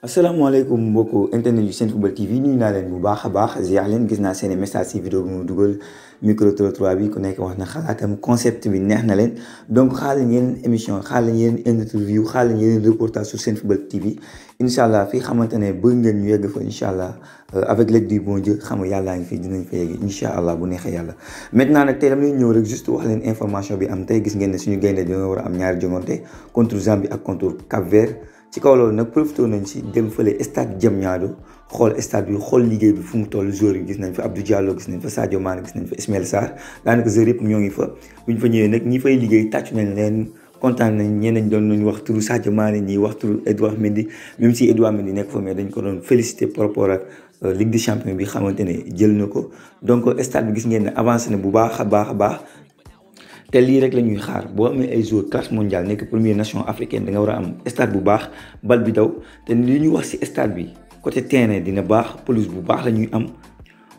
assalamu alaykum mbokk internet yu seen football tv nuyu naa leen bu baax a baax ziar leen gis naa seen message si vidéo bi mu dugal micro trottoir bi ku nekk wax na xalaatam concept bi neex na leen donc xaar leen yeneen émission xaar leen yeneen interview xaar leen yeneen reportage sur seen football tv incha allah fii xamante ne bëgg ngeen ñu yegg fa incha allah avec l'aide du bon Dieu xam nga yàlla ngi fi dinañ fa yegg incha allah bu neexee yàlla maintenant nag tey dama leen ñëw rek juste wax leen information bi am tey gis ngeen ne suñu gaynde dina war a am ñaari jongante contre Zambie ak contre Cap Vert ci kaw loolu nag profité nañ si dem fële stade Diamniadio xool stade bi xool liggéey bi fu mu toll jour yi gis nañ fa Abdou Diallo gis nañ fa Sadio Mané gis nañ fa Ismaël Sarr yëpp ñoo ngi fa bu ñu fa ñëwee nag ñi fay liggéey tàccu nañ leen kontaan nañ ñeneen doon nañ wax turu Sadio Mané ñii wax turu Edouard Mendy ci si Edouard Mendy nekk fa mais dañ ko doon félicité par por ak euh, Ligue des champions bi xamante ne jël na ko donc stade bi gis ngeen ne avancé na bu baax a baax a baax te lii rek la ñuy xaar boo amee ay joueurs classe mondiale nekk première nation africaine da nga war am stade bu baax bal bi daw te li ñu wax ci stade bi côté terrain dina baax pelouse bu baax la ñuy am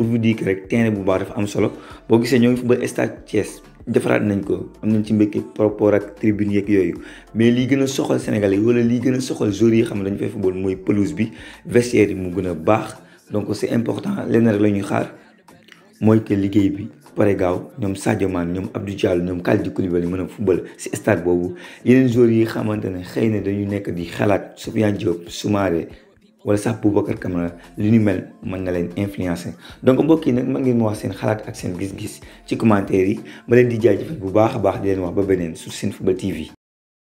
pour vous dire que rek terrain bu baax dafa am solo boo gisee ñoo ngi football stade Thiès defaraat nañ ko am nañ ci mbégte par ak tribune yooyu mais lii gën a soxal Sénégalais yi wala lii gën a soxal joueurs yi xam ne dañu a baax donc la ñuy xaar mooy que liggéey bi pare gaaw ñoom Sadio Mané ñoom Abdou Diallo ñoom Kalidou mën a football si stade boobu yeneen joueurs yi xamante ne xëy na dañu nekk di xalaat Sofiane Diop Soumaré wala sax Boubacar Camara li ñu mel mën na leen influencer donc mbokk yi nag ma ngeen ma wax seen xalaat ak seen gis-gis ci commentaire yi ma leen di jaajëfal bu baax a baax di leen wax ba beneen seen sur Senfootball TV.